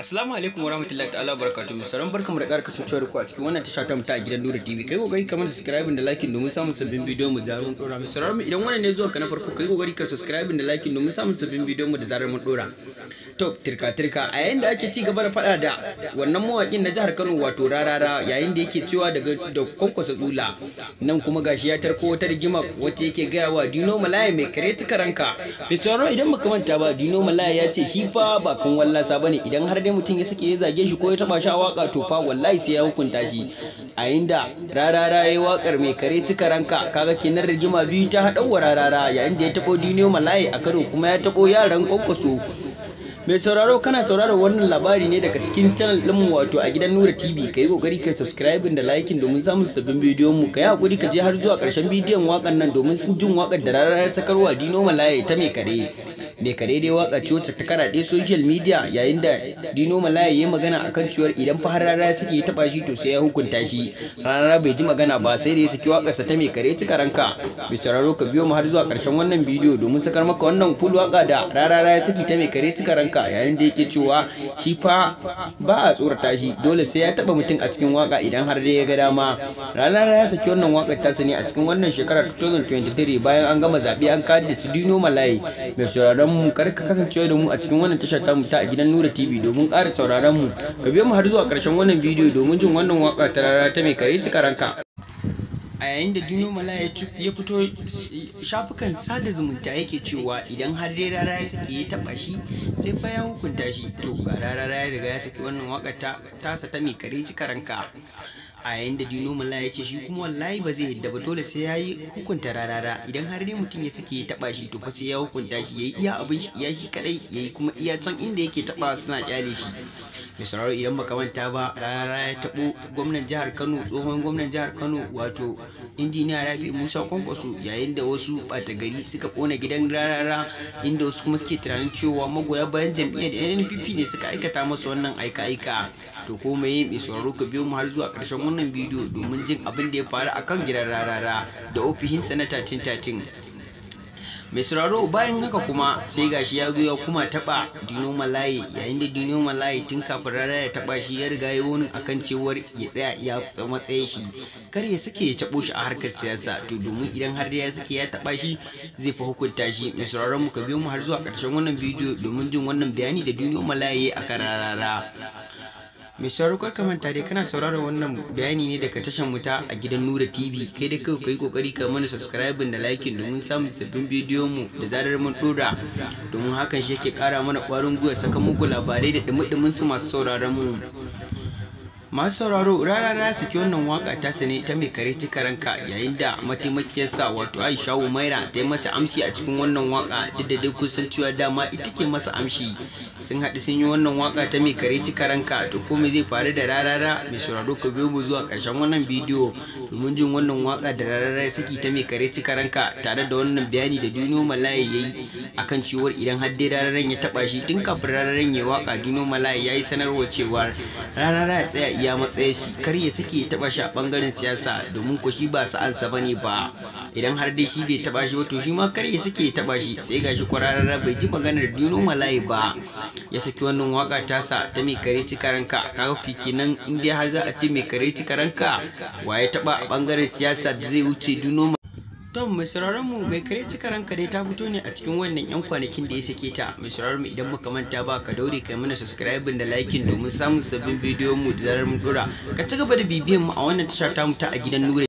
Assalamu alaikum warahmatullahi ta'ala barakatuh. Mu saran barkamu da ƙara kasancewa da ku a cikin wannan tasha ta mu ta gidan Nura TV. Kai kokari kamar subscribe da like domin samun sabbin bidiyo mu da mun dora. Mu saran mu idan wannan ne zuwa ka na farko kai kokari ka subscribe da like domin samun sabbin bidiyo mu da zarar mun dora. tiktok tirka tirka a yayin da ake ci gaba da faɗa da wannan mawakin na jihar kano wato rarara yayin da yake cewa daga da kwankwasa tsula nan kuma gashi ya tarko wata rigima wata yake gaya wa dino malaya mai kare tukaranka mai idan muka manta ba dino malaya ya ce shi fa ba kan wallasa bane idan har dai mutum ya sake ya zage shi ko ya taba shi waka to fa wallahi sai ya hukunta shi a inda rarara ya yi wakar mai kare tukaranka kaga kenan rigima biyu ta haɗawa wa rarara yayin da ya taɓo dino malaya a karo kuma ya taɓo yaran kwankwaso mai sauraro kana sauraro wannan labari ne daga cikin channel mu wato a gidan nura tv ka yi kokari ka subscribe da like domin samun sabbin bidiyon mu ka yi hakuri ka je har zuwa ƙarshen bidiyon wakan nan domin sun jin wakar da rarar sakarwa dino malaye ta mai kare bai kare dai waka ce wacce ta karaɗe social media yayin da dino malaya ya magana akan cewar idan fa rara suke ya taba shi to sai ya hukunta shi rara bai ji magana ba sai da ya saki wakarsa ta mai kare ci karanka bai sauraro ka biyo mu har zuwa karshen wannan bidiyo domin sakar maka wannan full waka da rara rara suke ta mai kare ci karanka yayin da yake cewa shi fa ba a tsorata shi dole sai ya taba mutum a cikin waka idan har dai ya ga dama rana ya saki wannan waka tasa ne a cikin wannan shekarar 2023 bayan an gama zaɓe an kada da su dino malaya mai sauraron mu kar ka kasance da mu a cikin wannan tashar tamu ta a gidan Nura TV domin ƙara sauraron mu ka biyo mu har zuwa ƙarshen wannan bidiyo domin jin wannan waka ta rara ta mai kare cika ranka a yayin da Juno Mala ya fito shafukan sada zumunta yake cewa idan har dai rara ya saki ya taba shi sai fa ya hukunta shi to ga rara ya riga ya saki wannan waka ta tasa ta mai kare cika ranka a yayin da dino mala ya ce shi kuma wallahi ba zai yadda ba dole sai ya hukunta rarara idan har ne mutum ya sake ya taba shi to fa sai ya hukunta shi ya yi iya abin shi iya shi kadai yayi kuma iya can inda yake taba suna kyale shi mai sauraro idan baka manta ba rarara ya tabo gwamnan jihar kano tsohon gwamnan jihar kano wato injiniya rafi musa kwankwaso yayin da wasu bata gari suka kona gidan rarara inda wasu kuma suke tunanin cewa magoya bayan jam'iyyar npp ne suka aikata masa wannan aika-aika to ko mai mai sauraro ka biyo mu har zuwa ƙarshen wannan bidiyo domin jin abin da ya faru akan gidan rarara da ofishin sanata tintatin mai sauraro bayan haka kuma sai gashi ya zo ya kuma taba dino malaye yayin da dino malaye tun kafin rana ya taba shi ya riga ya wani akan cewar ya tsaya ya matsaye shi kar ya sake ya tabo shi a harkar siyasa to domin idan har ya sake ya taba shi zai fi hukunta shi mai sauraron mu ka biyo mu har zuwa karshen wannan bidiyo domin jin wannan bayani da dino malaye akan rarara mai sauraro kar ka manta dai kana sauraron wannan bayani ne daga tashar wuta a gidan Nura TV kai da kai yi kokari ka mana subscribe da like domin samun sabbin bidiyon mu da zarar mun dora domin hakan shi yake kara mana kwarin gwiwa saka muku labarai da dumi-dumin su masu sauraron mu masu sauraro rara na saki wannan waka ta sane ta mai kare ranka yayin da mataimakiyarsa wato aisha umaira ta yi masa amshi a cikin wannan waka duk da dai kusan cewa dama ita ke masa amshi sun haɗu sun yi wannan waka ta mai kare ranka to ko me zai faru da rarara mai sauraro ka biyo mu zuwa ƙarshen wannan bidiyo domin jin wannan waka da rarara ya saki ta mai kare ranka tare da wannan bayani da duniyo malaye ya yi akan idan har dai rararen ya taɓa shi tun kafin rararen ya waka duniyo malaye ya yi sanarwa cewa rarara ya tsaya ya matsaye shi kar ya sake taba shi a bangaren siyasa domin ko shi ba sa'ansa bane ba idan har dai shi bai taba shi ba to shi ma kar ya sake taba shi sai gashi kwararra bai ji maganar dino malayi ba ya saki wannan waka tasa ta mai kare cikaranka kaga kikinan in dai har za a ce mai kare cikaranka wa ya taba bangaren siyasa da zai wuce dino Tom mai sauraron mu mai kare ranka kare ta fito ne a cikin wannan yan kwanakin da ya sake ta mai sauraron mu idan muka manta ba ka daure kai mana subscribe da liking domin samun sabbin bidiyon mu da zarar mu dora ka ci gaba da bibiyan mu a wannan tashar ta ta a gidan Nure